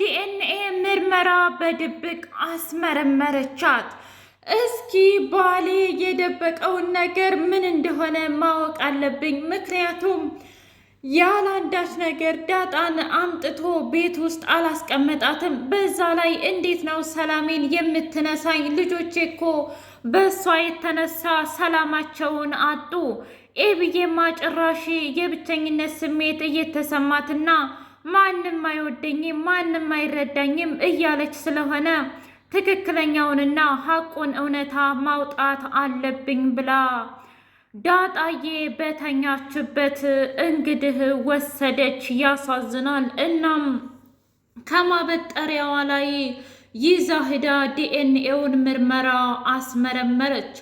ዲኤንኤ ምርመራ በድብቅ አስመረመረቻት። እስኪ ባሌ የደበቀውን ነገር ምን እንደሆነ ማወቅ አለብኝ። ምክንያቱም ያላንዳች ነገር ዳጣን አምጥቶ ቤት ውስጥ አላስቀመጣትም። በዛ ላይ እንዴት ነው ሰላሜን የምትነሳኝ? ልጆቼ እኮ በእሷ የተነሳ ሰላማቸውን አጡ። ኤብዬማ ጭራሽ የብቸኝነት ስሜት እየተሰማትና ማንም አይወደኝም፣ ማንም አይረዳኝም እያለች ስለሆነ ትክክለኛውንና ሀቁን እውነታ ማውጣት አለብኝ ብላ ዳጣዬ በተኛችበት እንግድህ ወሰደች። ያሳዝናል። እናም ከማበጠሪያዋ ላይ ይዛ ሂዳ ዲኤንኤውን ምርመራ አስመረመረች።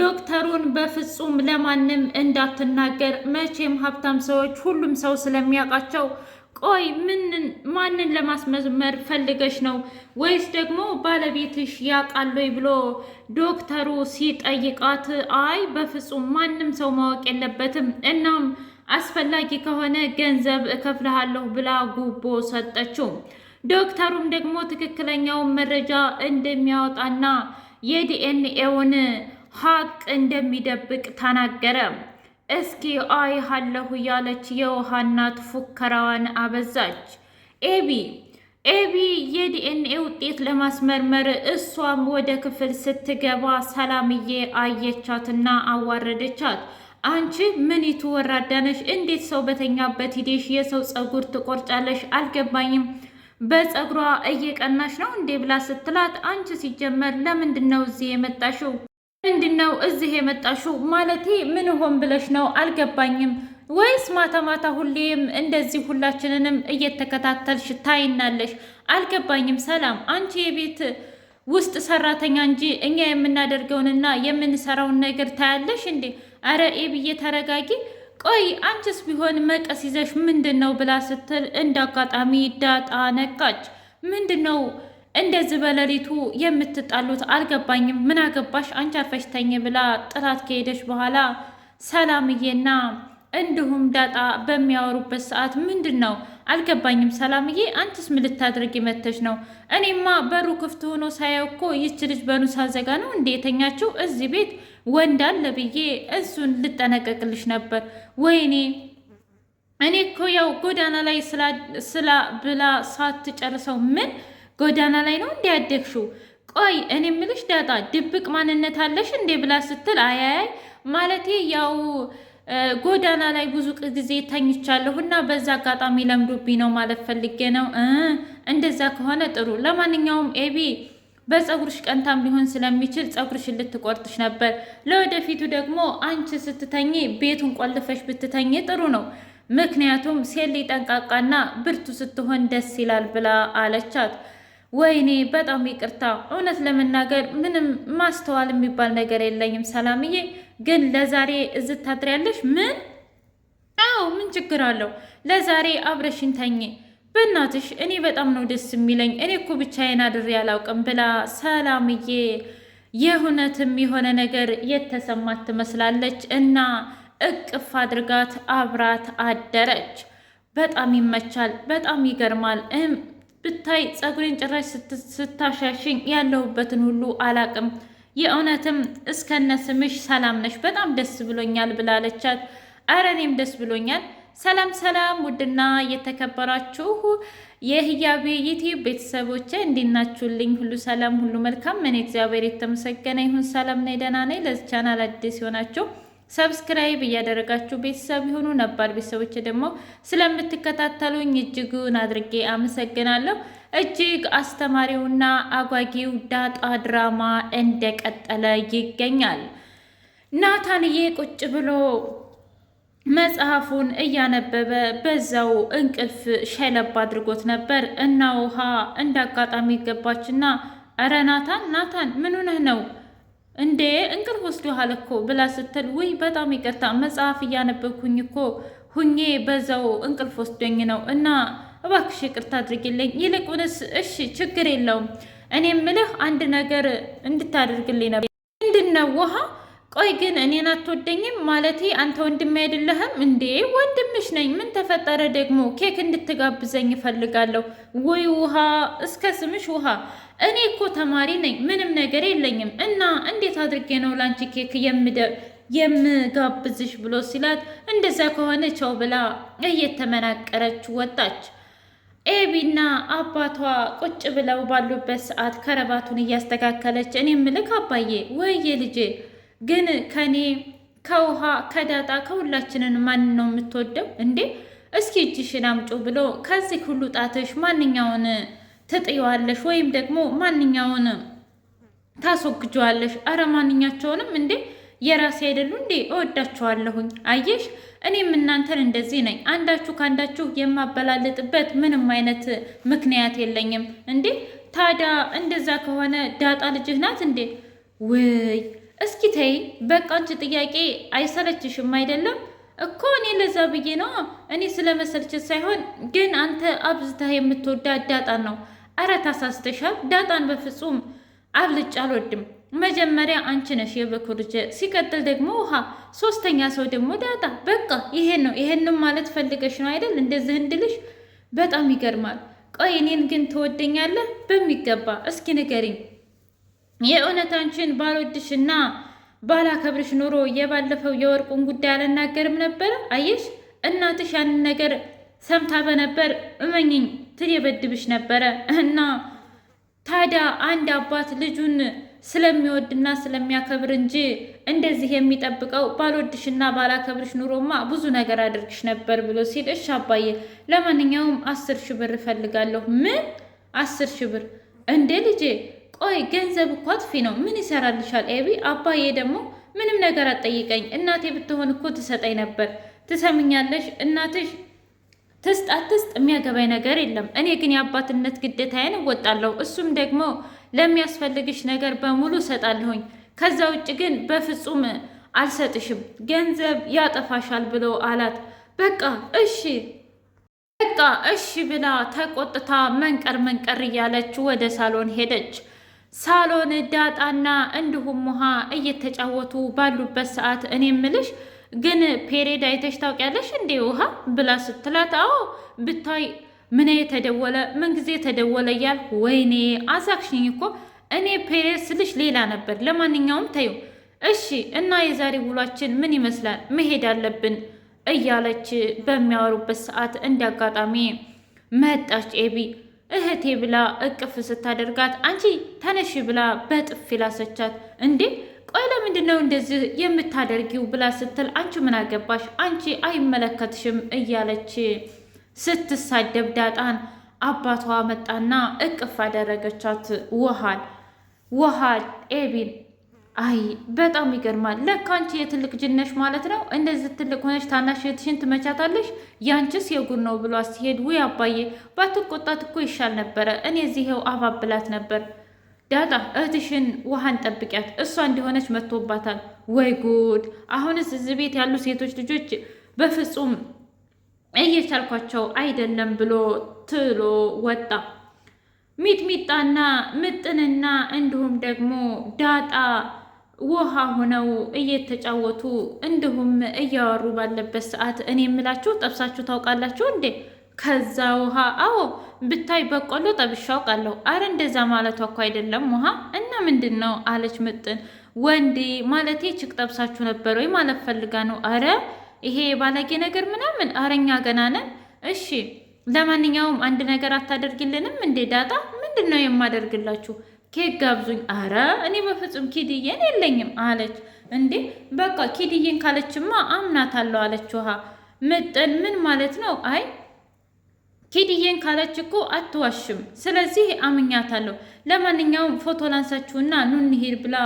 ዶክተሩን በፍጹም ለማንም እንዳትናገር፣ መቼም ሀብታም ሰዎች ሁሉም ሰው ስለሚያውቃቸው ቆይ ምን ማንን ለማስመዝመር ፈልገሽ ነው? ወይስ ደግሞ ባለቤትሽ ያውቃል ወይ ብሎ ዶክተሩ ሲጠይቃት፣ አይ በፍጹም ማንም ሰው ማወቅ የለበትም እናም አስፈላጊ ከሆነ ገንዘብ እከፍልሃለሁ ብላ ጉቦ ሰጠችው። ዶክተሩም ደግሞ ትክክለኛውን መረጃ እንደሚያወጣና የዲኤንኤውን ሀቅ እንደሚደብቅ ተናገረ። እስኪ አይሃለሁ እያለች የውሃ እናት ፉከራዋን አበዛች። ኤቢ ኤቢ የዲኤንኤ ውጤት ለማስመርመር እሷም ወደ ክፍል ስትገባ ሰላምዬ አየቻትና አዋረደቻት። አንቺ ምኒቱ ወራዳ እንዴት ሰው በተኛበት ሂደሽ የሰው ፀጉር ትቆርጫለሽ? አልገባኝም። በፀጉሯ እየቀናሽ ነው እንዴ ብላ ስትላት፣ አንቺ ሲጀመር ለምንድን ነው እዚህ የመጣሽው? ምንድነው እዚህ የመጣሽው? ማለቴ ምን ሆን ብለሽ ነው አልገባኝም። ወይስ ማታ ማታ ሁሌም እንደዚህ ሁላችንንም እየተከታተልሽ ታይናለሽ? አልገባኝም። ሰላም አንቺ የቤት ውስጥ ሰራተኛ እንጂ እኛ የምናደርገውንና የምንሰራውን ነገር ታያለሽ እንዴ? አረ ኤብዬ ተረጋጊ። ቆይ አንቺስ ቢሆን መቀስ ይዘሽ ምንድን ነው ብላ ስትል እንደ አጋጣሚ ዳጣ ነቃች። ምንድን ነው እንደዚህ በሌሊቱ የምትጣሉት አልገባኝም። ምን አገባሽ አንቺ አርፈሽ ብላ ጥላት ከሄደች በኋላ ሰላምዬና እንዲሁም ዳጣ በሚያወሩበት ሰዓት ምንድን ነው አልገባኝም። ሰላምዬ አንቺስ ምን ልታደርግ መተሽ ነው? እኔማ በሩ ክፍት ሆኖ ሳየው እኮ ይች ልጅ በኑሳ ዘጋ ነው እንዴ የተኛችው? እዚህ ቤት ወንድ አለ ብዬ እሱን ልጠነቀቅልሽ ነበር። ወይኔ እኔ እኮ ያው ጎዳና ላይ ስላ ብላ ሳትጨርሰው ምን ጎዳና ላይ ነው እንዲያደግሽው? ቆይ እኔ ምልሽ ዳጣ ድብቅ ማንነት አለሽ እንዴ ብላ ስትል አያያይ ማለቴ ያው ጎዳና ላይ ብዙ ጊዜ ተኝቻለሁ እና በዛ አጋጣሚ ለምዶብኝ ነው ማለት ፈልጌ ነው። እንደዛ ከሆነ ጥሩ። ለማንኛውም ኤቢ በፀጉርሽ ቀንታም ሊሆን ስለሚችል ፀጉርሽ ልትቆርጥሽ ነበር። ለወደፊቱ ደግሞ አንቺ ስትተኝ ቤቱን ቆልፈሽ ብትተኝ ጥሩ ነው። ምክንያቱም ሴሌ ጠንቃቃና ብርቱ ስትሆን ደስ ይላል ብላ አለቻት። ወይኔ በጣም ይቅርታ፣ እውነት ለመናገር ምንም ማስተዋል የሚባል ነገር የለኝም ሰላምዬ። ግን ለዛሬ እዚህ ታድሪያለሽ? ምን? አዎ፣ ምን ችግር አለው? ለዛሬ አብረሽን ተኝ። በእናትሽ እኔ በጣም ነው ደስ የሚለኝ። እኔ እኮ ብቻዬን አድሬ አላውቅም ብላ ሰላምዬ የእውነትም የሆነ ነገር የተሰማት ትመስላለች እና እቅፍ አድርጋት አብራት አደረች። በጣም ይመቻል፣ በጣም ይገርማል። ብታይ ጸጉሬን ጭራሽ ስታሻሽኝ ያለሁበትን ሁሉ አላቅም። የእውነትም እስከነ ስምሽ ሰላም ነሽ፣ በጣም ደስ ብሎኛል ብላለቻት። አረ እኔም ደስ ብሎኛል። ሰላም ሰላም! ውድና የተከበራችሁ የህያቤ ዩቲዩብ ቤተሰቦቼ እንዲናችሁልኝ ሁሉ ሰላም፣ ሁሉ መልካም። እኔ እግዚአብሔር የተመሰገነ ይሁን ሰላም ነኝ፣ ደህና ነኝ። ለዚህ ቻናል አዲስ ሲሆናችሁ ሰብስክራይብ እያደረጋችሁ ቤተሰብ የሆኑ ነባር ቤተሰቦች ደግሞ ስለምትከታተሉኝ እጅጉን አድርጌ አመሰግናለሁ። እጅግ አስተማሪውና አጓጊው ዳጣ ድራማ እንደቀጠለ ይገኛል። ናታንዬ ቁጭ ብሎ መጽሐፉን እያነበበ በዛው እንቅልፍ ሸለብ አድርጎት ነበር እና ውሃ እንዳጋጣሚ ገባችና፣ እረ ናታን ናታን ምን ሆነህ ነው እንዴ እንቅልፍ ወስዶሃል እኮ ብላ ስትል ውይ በጣም ይቅርታ መጽሐፍ እያነበብኩኝ እኮ ሁኜ በዛው እንቅልፍ ወስዶኝ ነው እና እባክሽ ይቅርታ አድርጊልኝ። ይልቁንስ እሺ ችግር የለውም እኔ ምልህ አንድ ነገር እንድታደርግልኝ ነበር። ምንድን ነው ውሃ ቆይ ግን እኔን አትወደኝም ማለት አንተ ወንድሜ አይደለህም እንዴ? ወንድምሽ ነኝ። ምን ተፈጠረ ደግሞ? ኬክ እንድትጋብዘኝ እፈልጋለሁ። ወይ ውሃ፣ እስከ ስምሽ ውሃ። እኔ እኮ ተማሪ ነኝ፣ ምንም ነገር የለኝም እና እንዴት አድርጌ ነው ላንቺ ኬክ የምጋብዝሽ ብሎ ሲላት፣ እንደዛ ከሆነ ቸው ብላ እየተመናቀረች ወጣች። ኤቢና አባቷ ቁጭ ብለው ባሉበት ሰዓት ከረባቱን እያስተካከለች እኔ ምልክ አባዬ፣ ወይ ልጄ ግን ከኔ ከውሃ ከዳጣ ከሁላችንን ማን ነው የምትወደው እንዴ? እስኪ እጅሽን አምጩ ብሎ ከዚህ ሁሉ ጣትሽ ማንኛውን ትጥየዋለሽ ወይም ደግሞ ማንኛውን ታስወግጀዋለሽ? አረ ማንኛቸውንም እንዴ የራሴ አይደሉ እንዴ? እወዳችኋለሁኝ። አየሽ፣ እኔም እናንተን እንደዚህ ነኝ። አንዳችሁ ከአንዳችሁ የማበላልጥበት ምንም አይነት ምክንያት የለኝም። እንዴ ታዲያ እንደዛ ከሆነ ዳጣ ልጅህ ናት እንዴ? ውይ እስኪ ተይ በቃ አንቺ ጥያቄ አይሰለችሽም አይደለም እኮ እኔ ለዛ ብዬ ነው እኔ ስለመሰልችት ሳይሆን ግን አንተ አብዝተህ የምትወዳት ዳጣን ነው አረ ታሳስተሻል ዳጣን በፍጹም አብልጭ አልወድም መጀመሪያ አንቺ ነሽ የበኩር ልጅ ሲቀጥል ደግሞ ውሃ ሶስተኛ ሰው ደግሞ ዳጣ በቃ ይሄን ነው ይሄንም ማለት ፈልገሽ ነው አይደል እንደዚህ እንድልሽ በጣም ይገርማል ቆይ እኔን ግን ትወደኛለህ በሚገባ እስኪ ንገሪኝ የእውነት አንቺን ባልወድሽና ባላከብርሽ ኑሮ የባለፈው የወርቁን ጉዳይ አልናገርም ነበር። አየሽ እናትሽ ያንን ነገር ሰምታ በነበር እመኝኝ ትደበድብሽ ነበረ። እና ታዲያ አንድ አባት ልጁን ስለሚወድና ስለሚያከብር እንጂ እንደዚህ የሚጠብቀው ባልወድሽና ባላከብርሽ ኑሮማ ብዙ ነገር አድርግሽ ነበር ብሎ ሲል እሺ አባዬ፣ ለማንኛውም አስር ሺህ ብር እፈልጋለሁ። ምን አስር ሺህ ብር እንዴ ልጄ ቆይ ገንዘብ እኮ አጥፊ ነው። ምን ይሰራልሻል ኤቢ? አባዬ ደግሞ ምንም ነገር አትጠይቀኝ። እናቴ ብትሆን እኮ ትሰጠኝ ነበር። ትሰምኛለሽ? እናትሽ ትስጥ አትስጥ የሚያገባኝ ነገር የለም። እኔ ግን የአባትነት ግዴታዬን እወጣለሁ። እሱም ደግሞ ለሚያስፈልግሽ ነገር በሙሉ እሰጣለሁኝ። ከዛ ውጭ ግን በፍጹም አልሰጥሽም። ገንዘብ ያጠፋሻል ብሎ አላት። በቃ እሺ በቃ እሺ ብላ ተቆጥታ መንቀር መንቀር እያለች ወደ ሳሎን ሄደች። ሳሎን ዳጣና እንዲሁም ውሃ እየተጫወቱ ባሉበት ሰዓት እኔ ምልሽ ግን ፔሬድ አይተሽ ታውቂያለሽ እንዴ ውሃ ብላ ስትላት፣ አዎ ብታይ ምን የተደወለ ምን ጊዜ የተደወለ እያል ወይኔ አዛክሽኝ እኮ እኔ ፔሬድ ስልሽ ሌላ ነበር። ለማንኛውም ተዩ እሺ። እና የዛሬ ውሏችን ምን ይመስላል? መሄድ አለብን እያለች በሚያወሩበት ሰዓት እንደ አጋጣሚ መጣች ኤቢ። እህቴ ብላ እቅፍ ስታደርጋት አንቺ ተነሽ ብላ በጥፊ ላሰቻት። እንዴ ቆይ ለምንድን ነው እንደዚህ የምታደርጊው ብላ ስትል አንቺ ምን አገባሽ አንቺ አይመለከትሽም እያለች ስትሳደብ ዳጣን አባቷ መጣና እቅፍ አደረገቻት። ውሃን ውሃን ኤቢን አይ በጣም ይገርማል። ለካ አንቺ የትልቅ ጅነሽ ማለት ነው። እንደዚህ ትልቅ ሆነች ታናሽ እህትሽን ትመቻታለሽ። ያንቺስ የጉር ነው ብሎ ሲሄድ ውይ አባዬ ባትቆጣት እኮ ይሻል ነበረ። እኔ እዚህው አባብላት ነበር። ዳጣ እህትሽን ውሃን ጠብቂያት፣ እሷ እንዲሆነች መጥቶባታል። ወይ ጉድ! አሁንስ እዚህ ቤት ያሉ ሴቶች ልጆች በፍጹም እየቻልኳቸው አይደለም ብሎ ትሎ ወጣ። ሚጥሚጣና ምጥንና እንዲሁም ደግሞ ዳጣ ውሃ ሆነው እየተጫወቱ እንዲሁም እያወሩ ባለበት ሰዓት እኔ የምላችሁ ጠብሳችሁ ታውቃላችሁ እንዴ? ከዛ ውሃ አዎ፣ ብታይ በቆሎ ጠብሻ አውቃለሁ። አረ እንደዛ ማለቷ እኮ አይደለም ውሃ እና ምንድን ነው አለች ምጥን። ወንዴ ማለቴ ችግ ጠብሳችሁ ነበር ወይ ማለት ፈልጋ ነው። አረ ይሄ ባለጌ ነገር ምናምን፣ አረኛ ገና ነን። እሺ ለማንኛውም አንድ ነገር አታደርግልንም እንዴ ዳጣ? ምንድን ነው የማደርግላችሁ ኬክ ጋብዙኝ። አረ እኔ በፍጹም ኪድዬን የለኝም አለች። እንዴ በቃ ኪድዬን ካለችማ አምናታለሁ አለች። ውሃ ምጥን ምን ማለት ነው? አይ ኪድዬን ካለች እኮ አትዋሽም። ስለዚህ አምኛታለሁ። ለማንኛውም ፎቶ ላንሳችሁና ኑን ሄድ ብላ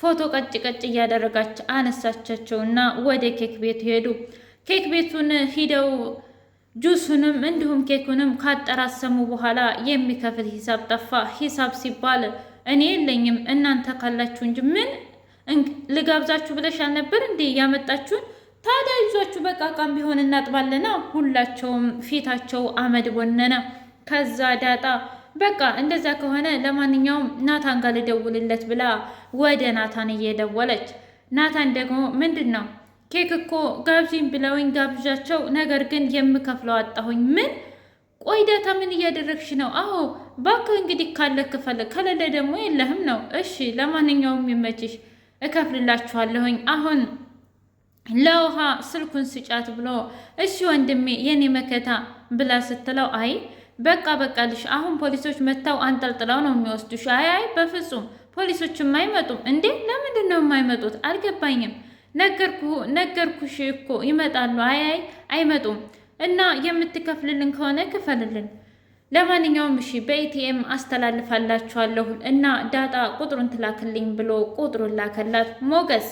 ፎቶ ቀጭ ቀጭ እያደረጋች አነሳቻቸውና ወደ ኬክ ቤት ሄዱ። ኬክ ቤቱን ሂደው ጁሱንም እንዲሁም ኬኩንም ካጠራሰሙ በኋላ የሚከፍል ሂሳብ ጠፋ። ሂሳብ ሲባል እኔ የለኝም እናንተ ካላችሁ እንጂ ምን ልጋብዛችሁ ብለሽ አልነበር እንዴ ያመጣችሁን? ታዲያ ይዟችሁ በቃ እቃም ቢሆን እናጥባለና። ሁላቸውም ፊታቸው አመድ ቦነነ። ከዛ ዳጣ በቃ እንደዛ ከሆነ ለማንኛውም ናታን ጋር ልደውልለት ብላ ወደ ናታን እየደወለች ናታን ደግሞ ምንድን ነው ኬክ እኮ ጋብዥኝ ብለውኝ ጋብዣቸው፣ ነገር ግን የምከፍለው አጣሁኝ። ምን ቆይ ዳታ ምን እያደረግሽ ነው? አዎ እባክህ እንግዲህ ካለ ክፈል፣ ከሌለ ደግሞ የለህም ነው። እሺ ለማንኛውም ይመችሽ፣ እከፍልላችኋለሁኝ። አሁን ለውሃ ስልኩን ስጫት ብሎ እሺ ወንድሜ የኔ መከታ ብላ ስትለው አይ በቃ በቃ ልሽ አሁን ፖሊሶች መጥተው አንጠልጥለው ነው የሚወስዱሽ። አይ አይ በፍጹም ፖሊሶችም አይመጡም እንዴ? ለምንድን ነው የማይመጡት? አልገባኝም ነገርኩ ነገርኩሽ እኮ ይመጣሉ። አያይ አይመጡም። እና የምትከፍልልን ከሆነ ክፈልልን። ለማንኛውም እሺ በኢቲኤም አስተላልፋላችኋለሁ እና ዳጣ ቁጥሩን ትላክልኝ ብሎ ቁጥሩን ላከላት። ሞገስ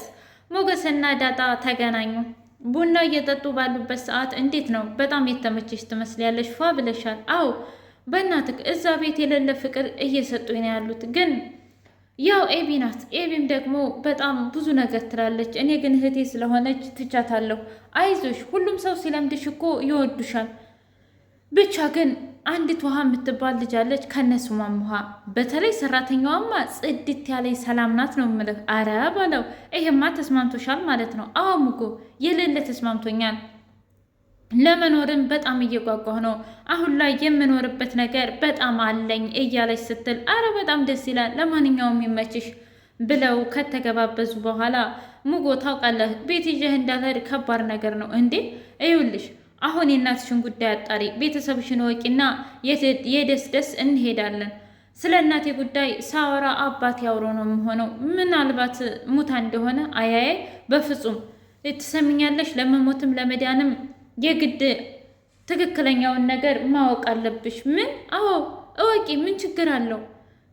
ሞገስና ዳጣ ተገናኙ። ቡና እየጠጡ ባሉበት ሰዓት እንዴት ነው በጣም የተመቸሽ ትመስልያለሽ፣ ፏ ብለሻል። አዎ በእናትህ እዛ ቤት የሌለ ፍቅር እየሰጡኝ ነው ያሉት ግን ያው ኤቢ ናት። ኤቢም ደግሞ በጣም ብዙ ነገር ትላለች። እኔ ግን እህቴ ስለሆነች ትቻታለሁ። አይዞሽ፣ ሁሉም ሰው ሲለምድሽ እኮ ይወዱሻል። ብቻ ግን አንዲት ውሃ የምትባል ልጅ አለች። ከነሱ ውሃ በተለይ ሰራተኛዋማ ጽድት ያለ ሰላም ናት ነው የምልህ። አረ በለው ይሄማ ተስማምቶሻል ማለት ነው። አዎ ሙጎ የሌለ ተስማምቶኛል። ለመኖርም በጣም እየጓጓሁ ነው። አሁን ላይ የምኖርበት ነገር በጣም አለኝ እያለች ስትል፣ አረ በጣም ደስ ይላል፣ ለማንኛውም ይመችሽ ብለው ከተገባበዙ በኋላ ሙጎ ታውቃለህ፣ ቤት ይዤህ እንዳትሄድ ከባድ ነገር ነው እንዴ። እዩልሽ አሁን የእናትሽን ጉዳይ አጣሪ፣ ቤተሰብሽን ወቂና የደስ ደስ እንሄዳለን። ስለ እናቴ ጉዳይ ሳወራ አባት ያውሮ ነው የምሆነው። ምናልባት ሙታ እንደሆነ አያያይ፣ በፍጹም ትሰምኛለሽ። ለመሞትም ለመዳንም የግድ ትክክለኛውን ነገር ማወቅ አለብሽ። ምን? አዎ እወቂ፣ ምን ችግር አለው?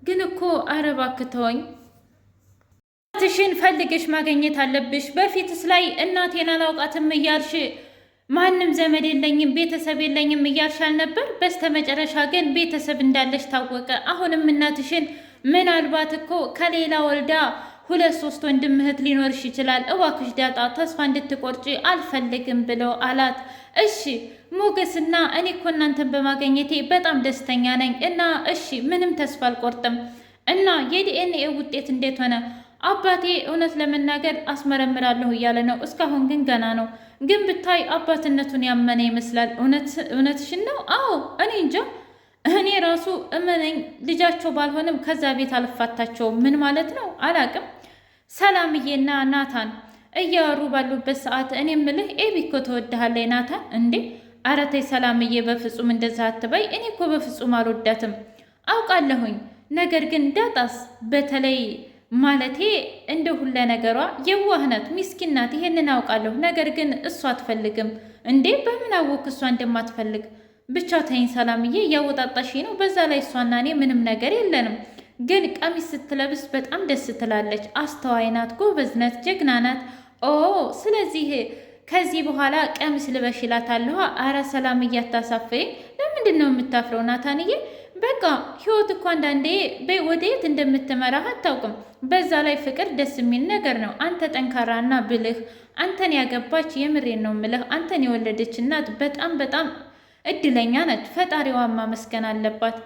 ግን እኮ አረባ ክተወኝ እናትሽን ፈልገሽ ማግኘት አለብሽ። በፊትስ ላይ እናቴን አላውቃትም እያልሽ ማንም ዘመድ የለኝም ቤተሰብ የለኝም እያልሽ አልነበር? በስተመጨረሻ ግን ቤተሰብ እንዳለሽ ታወቀ። አሁንም እናትሽን ምናልባት እኮ ከሌላ ወልዳ ሁለት ሶስት ወንድም እህት ሊኖርሽ ይችላል። እባክሽ ዳጣ ተስፋ እንድትቆርጪ አልፈልግም ብሎ አላት። እሺ ሞገስና እኔ እኮ እናንተን በማገኘቴ በጣም ደስተኛ ነኝ እና እሺ ምንም ተስፋ አልቆርጥም። እና የዲኤንኤ ውጤት እንዴት ሆነ? አባቴ እውነት ለመናገር አስመረምራለሁ እያለ ነው። እስካሁን ግን ገና ነው። ግን ብታይ አባትነቱን ያመነ ይመስላል። እውነትሽን ነው? አዎ እኔ እንጃ እኔ ራሱ እመነኝ ልጃቸው ባልሆንም ከዛ ቤት አልፋታቸውም። ምን ማለት ነው አላቅም። ሰላምዬና ናታን እያወሩ ባሉበት ሰዓት እኔ ምልህ ኤቢ እኮ ተወድሃለች ናታን። እንዴ ኧረ ተይ ሰላምዬ፣ በፍጹም እንደዛ አትበይ። እኔ እኮ በፍጹም አልወዳትም አውቃለሁኝ። ነገር ግን ዳጣስ በተለይ ማለቴ እንደ ሁለ ነገሯ የዋህናት ሚስኪናት ይሄንን አውቃለሁ። ነገር ግን እሷ አትፈልግም። እንዴ በምን አወክ እሷ እንደማትፈልግ? ብቻ ተይኝ ሰላምዬ፣ እያወጣጣሽ ነው። በዛ ላይ እሷና እኔ ምንም ነገር የለንም። ግን ቀሚስ ስትለብስ በጣም ደስ ትላለች። አስተዋይ ናት፣ ጎበዝ ናት፣ ጀግና ናት። ኦ ስለዚህ ከዚህ በኋላ ቀሚስ ልበሽ እላታለሁ። አረ ሰላም እያታሳፈይ ለምንድን ነው የምታፍረው? ናታንዬ በቃ ህይወት እኮ አንዳንዴ ወደ የት እንደምትመራህ አታውቅም። በዛ ላይ ፍቅር ደስ የሚል ነገር ነው። አንተ ጠንካራና ብልህ፣ አንተን ያገባች የምሬን ነው ምልህ፣ አንተን የወለደች እናት በጣም በጣም እድለኛ ነች። ፈጣሪዋን ማመስገን አለባት።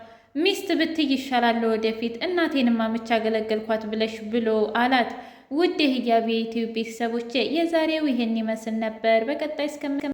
ሚስት ብትይ ይሻላል ወደፊት እናቴንማ ምቻ አገለገልኳት ብለሽ ብሎ አላት። ውድ የህያቤ ቲዩብ ቤተሰቦቼ የዛሬው ይህን ይመስል ነበር። በቀጣይ እስከ